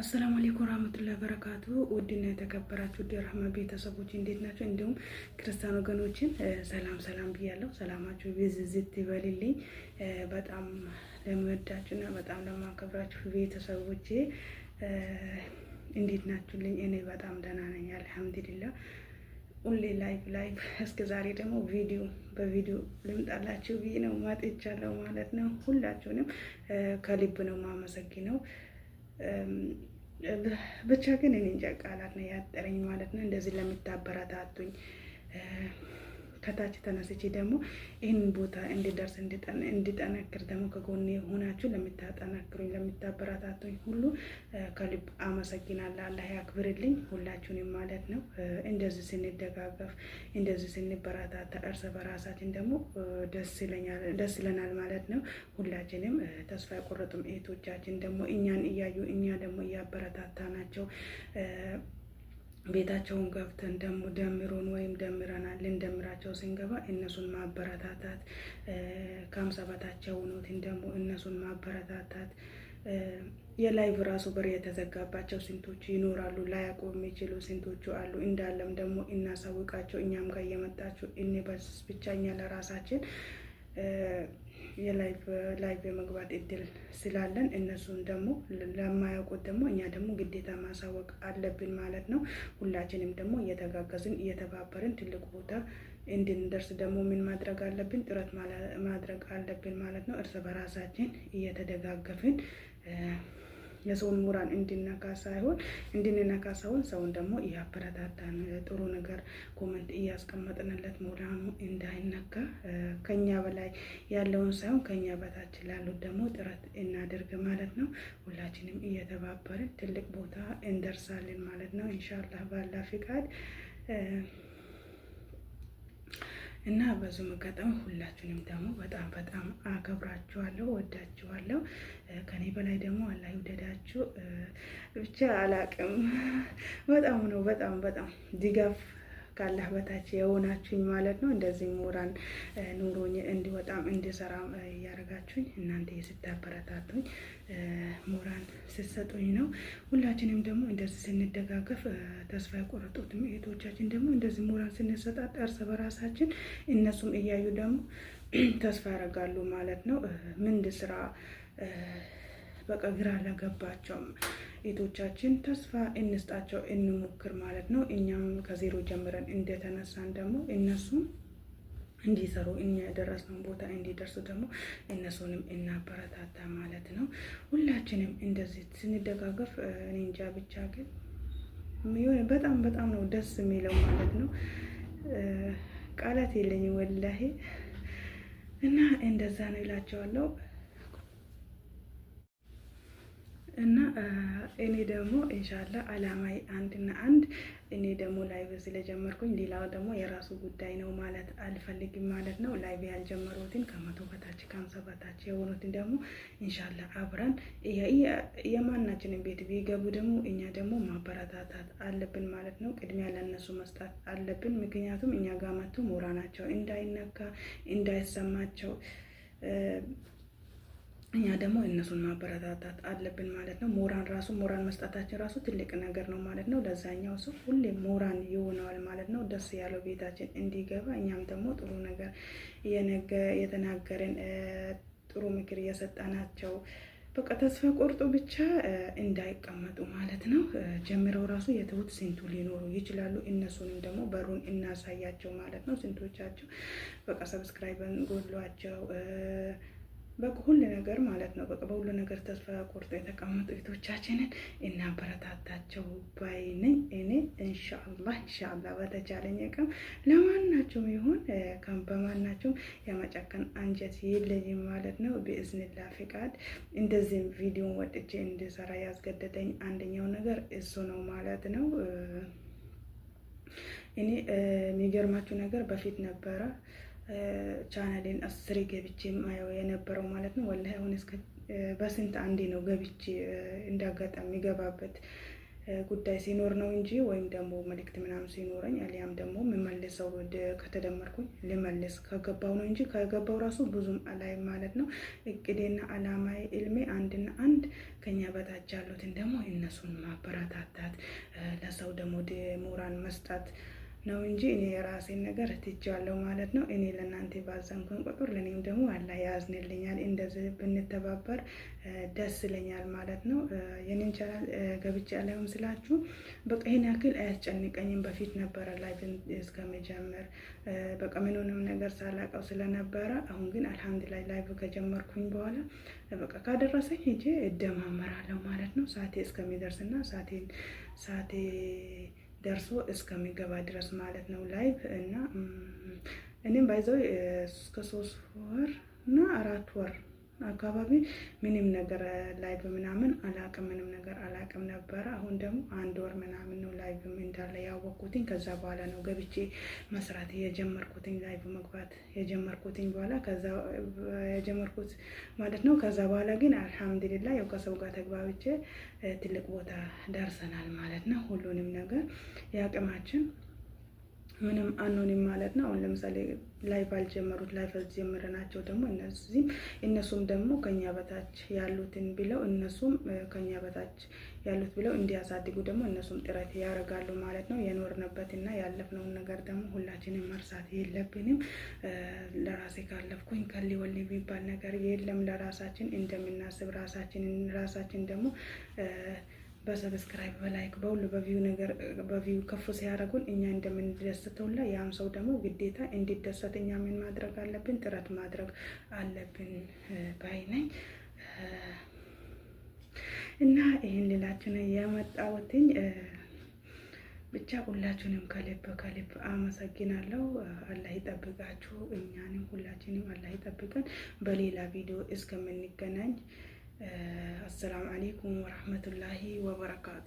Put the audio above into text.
አሰላሙ አለይኩም ወራህመቱላሂ ወበረካቱ ውድና የተከበራችሁ ውድ ቤተሰቦች እንዴት ናቸው? እንዲሁም ክርስቲያን ወገኖችን ሰላም ሰላም ብያለሁ። ሰላማችሁ ብዝዝት ይበልልኝ። በጣም ለምወዳችሁና በጣም ለማከብራችሁ ቤተሰቦቼ እንዴት ናችሁልኝ? እኔ በጣም ደህና ነኝ አልሐምዱሊላህ። ሁሌ ላይቭ ላይቭ እስከ ዛሬ ደግሞ ቪዲዮ በቪዲዮ ልምጣላችሁ ብዬ ነው መጥቻለሁ ማለት ነው። ሁላችሁንም ከልብ ነው ማመሰግነው። ብቻ ግን እኔ እንጃ ቃላት ነው ያጠረኝ ማለት ነው። እንደዚህ ለምታበረታቱኝ ከታች ተነስቼ ደግሞ ይህንን ቦታ እንድደርስ እንድጠነክር ደግሞ ከጎኔ ሆናችሁ ለምታጠናክሩኝ፣ ለምታበረታቱኝ ሁሉ ከልብ አመሰግናለሁ። አላህ ያክብርልኝ ሁላችሁንም ማለት ነው። እንደዚህ ስንደጋገፍ፣ እንደዚህ ስንበረታታ እርስ በራሳችን ደግሞ ደስ ይለናል ማለት ነው። ሁላችንም ተስፋ የቆረጡም እህቶቻችን ደግሞ እኛን እያዩ እኛ ደግሞ እያበረታታ ናቸው ቤታቸውን ገብተን ደግሞ ደምሮን ወይም ደምረናል ልንደምር መካከላቸው ስንገባ እነሱን ማበረታታት ከሀምሳ በታቸው የሆኑትን ደግሞ እነሱን ማበረታታት የላይቭ ራሱ በር የተዘጋባቸው ስንቶቹ ይኖራሉ። ላያውቁ የሚችሉ ስንቶቹ አሉ። እንዳለም ደግሞ እናሳውቃቸው። እኛም ጋር እየመጣችሁ እኔ በስ ብቻ እኛ ለራሳችን የላይቭ የመግባት እድል ስላለን እነሱን ደግሞ ለማያውቁት ደግሞ እኛ ደግሞ ግዴታ ማሳወቅ አለብን ማለት ነው። ሁላችንም ደግሞ እየተጋገዝን እየተባበርን ትልቅ ቦታ እንድንደርስ ደግሞ ምን ማድረግ አለብን? ጥረት ማድረግ አለብን ማለት ነው። እርስ በራሳችን እየተደጋገፍን የሰውን ሙራን እንድነካ ሳይሆን እንድንነካ ሳይሆን ሰውን ደግሞ እያበረታታን ጥሩ ነገር ኮመንት እያስቀመጥንለት ሙራኑ እንዳይነካ ከኛ በላይ ያለውን ሳይሆን ከኛ በታች ላሉት ደግሞ ጥረት እናደርግ ማለት ነው። ሁላችንም እየተባበርን ትልቅ ቦታ እንደርሳለን ማለት ነው። ኢንሻላህ ባላ ፍቃድ እና በዙ መጋጠም ሁላችሁንም ደግሞ በጣም በጣም አከብራችኋለሁ፣ ወዳችኋለሁ። ከኔ በላይ ደግሞ አላህ ይውደዳችሁ። ብቻ አላቅም። በጣም ነው በጣም በጣም ድጋፍ ካላህ በታች የሆናችሁኝ ማለት ነው። እንደዚህ ምሁራን ኑሮኝ እንዲወጣም እንዲሰራም እያደረጋችሁኝ እናንተ ስታበረታቱኝ ምሁራን ስትሰጡኝ ነው። ሁላችንም ደግሞ እንደዚህ ስንደጋገፍ ተስፋ የቆረጡት እህቶቻችን ደግሞ እንደዚህ ምሁራን ስንሰጣት እርስ በራሳችን እነሱም እያዩ ደግሞ ተስፋ ያደርጋሉ ማለት ነው ምንድ ስራ በቃ ግራ አላገባቸውም። ተስፋ እንስጣቸው፣ እንሞክር ማለት ነው። እኛም ከዜሮ ጀምረን እንደተነሳን ደግሞ እነሱም እንዲሰሩ እኛ የደረስነውን ቦታ እንዲደርሱ ደግሞ እነሱንም እናበረታታ ማለት ነው። ሁላችንም እንደዚህ ስንደጋገፍ እንጃ ብቻ ግን በጣም በጣም ነው ደስ የሚለው ማለት ነው። ቃላት የለኝ ወላሄ እና እንደዛ ነው ይላቸዋለው። እና እኔ ደግሞ ኢንሻላ አላማይ አንድና አንድ እኔ ደግሞ ላይቭ ስለጀመርኩኝ ሌላው ደግሞ የራሱ ጉዳይ ነው ማለት አልፈልግም ማለት ነው። ላይቭ ያልጀመሩትን ከመቶ በታች ከአምሳ በታች የሆኑትን ደግሞ ኢንሻላ አብረን የማናችንን ቤት ቢገቡ ደግሞ እኛ ደግሞ ማበረታታት አለብን ማለት ነው። ቅድሚያ ለነሱ መስጣት አለብን። ምክንያቱም እኛ ጋር መጥቶ ናቸው እንዳይነካ እንዳይሰማቸው እኛ ደግሞ እነሱን ማበረታታት አለብን ማለት ነው። ሞራን ራሱ ሞራን መስጠታችን ራሱ ትልቅ ነገር ነው ማለት ነው። ለዛኛው ሰው ሁሌም ሞራን ይሆነዋል ማለት ነው። ደስ ያለው ቤታችን እንዲገባ እኛም ደግሞ ጥሩ ነገር የተናገርን ጥሩ ምክር እየሰጠናቸው በቃ ተስፋ ቆርጦ ብቻ እንዳይቀመጡ ማለት ነው። ጀምረው ራሱ የተውት ስንቱ ሊኖሩ ይችላሉ። እነሱንም ደግሞ በሩን እናሳያቸው ማለት ነው። ስንቶቻቸው በቃ ሰብስክራይበን ጎድሏቸው በሁሉ ሁሉ ነገር ማለት ነው። በቃ በሁሉ ነገር ተስፋ ቆርጦ የተቀመጡ ቤቶቻችንን እናበረታታቸው ባይ ነኝ እኔ። እንሻላ እንሻላ በተቻለኝ ቀም ለማናቸውም ይሁን ከም በማናቸውም የመጨከን አንጀት የለኝም ማለት ነው። ብእዝንላ ፍቃድ እንደዚህም ቪዲዮን ወጥቼ እንድሰራ ያስገደደኝ አንደኛው ነገር እሱ ነው ማለት ነው። እኔ የሚገርማችሁ ነገር በፊት ነበረ ቻናሌን አስሬ ገብቼ ማየው የነበረው ማለት ነው። ወላሂ አሁን እስከ በስንት አንዴ ነው ገብቼ እንዳጋጣሚ ገባበት ጉዳይ ሲኖር ነው እንጂ ወይም ደግሞ መልእክት ምናምን ሲኖረኝ አሊያም ደግሞ የምመልሰው ከተደመርኩኝ ልመልስ ከገባው ነው እንጂ ከገባው ራሱ ብዙም አላይ ማለት ነው። እቅዴና አላማዬ እልሜ አንድና አንድ ከኛ በታች ያሉትን ደግሞ እነሱን ማበረታታት፣ ለሰው ደግሞ ሞራን መስጣት ነው እንጂ እኔ የራሴን ነገር ትቼዋለሁ ማለት ነው። እኔ ለእናንተ ባዘንኩን ቁጥር ለእኔም ደግሞ አላህ ያዝንልኛል። እንደዚህ ብንተባበር ደስ ይለኛል ማለት ነው። የኔን ቻናል ገብቼ አላየሁም ስላችሁ በቃ ይሄን ያክል አያስጨንቀኝም። በፊት ነበረ ላይ እስከመጀመር በቃ ምንሆንም ነገር ሳላቀው ስለነበረ፣ አሁን ግን አልሐምዱሊላህ ላይቭ ከጀመርኩኝ በኋላ በቃ ካደረሰኝ ሄጄ እደማመራለሁ ማለት ነው። ሳቴ እስከሚደርስ እስከሚደርስና ሳቴ ሳቴ ደርሶ እስከሚገባ ድረስ ማለት ነው ላይቭ እና እኔም ባይዘው እስከ ሶስት ወር እና አራት ወር አካባቢ ምንም ነገር ላይቭ ምናምን አላቅም፣ ምንም ነገር አላቅም ነበረ። አሁን ደግሞ አንድ ወር ምናምን ነው ላይቭ እንዳለ ያወቅኩትኝ። ከዛ በኋላ ነው ገብቼ መስራት የጀመርኩትኝ፣ ላይቭ መግባት የጀመርኩትኝ በኋላ ከዛ የጀመርኩት ማለት ነው። ከዛ በኋላ ግን አልሐምዱሊላ ያው ከሰው ጋር ተግባብቼ ትልቅ ቦታ ደርሰናል ማለት ነው። ሁሉንም ነገር የአቅማችን ምንም አኖኒም ማለት ነው። አሁን ለምሳሌ ላይፍ አልጀመሩት ላይቭ አልጀመረናቸው ደግሞ እነዚህም እነሱም ደግሞ ከኛ በታች ያሉትን ብለው እነሱም ከኛ በታች ያሉት ብለው እንዲያሳድጉ ደግሞ እነሱም ጥረት ያደርጋሉ ማለት ነው። የኖርንበትና ያለፍነውን ነገር ደግሞ ሁላችንም መርሳት የለብንም። ለራሴ ካለፍኩኝ ከሊወል የሚባል ነገር የለም። ለራሳችን እንደምናስብ ራሳችን ራሳችን ደግሞ በሰብስክራይብ በላይክ በሁሉ በቪው ነገር በቪው ከፍ ሲያደርጉን እኛ እንደምንደሰተውላ ያም ሰው ደግሞ ግዴታ እንዲደሰት እኛ ምን ማድረግ አለብን? ጥረት ማድረግ አለብን ባይ ነኝ እና ይህን ሌላችን የመጣወትኝ ብቻ ሁላችሁንም ከልብ ከልብ አመሰግናለሁ። አላህ ይጠብቃችሁ። እኛንም ሁላችንም አላህ ይጠብቀን። በሌላ ቪዲዮ እስከምንገናኝ አሰላሙ አሌይኩም ወረህመቱላሂ ወበረካቱ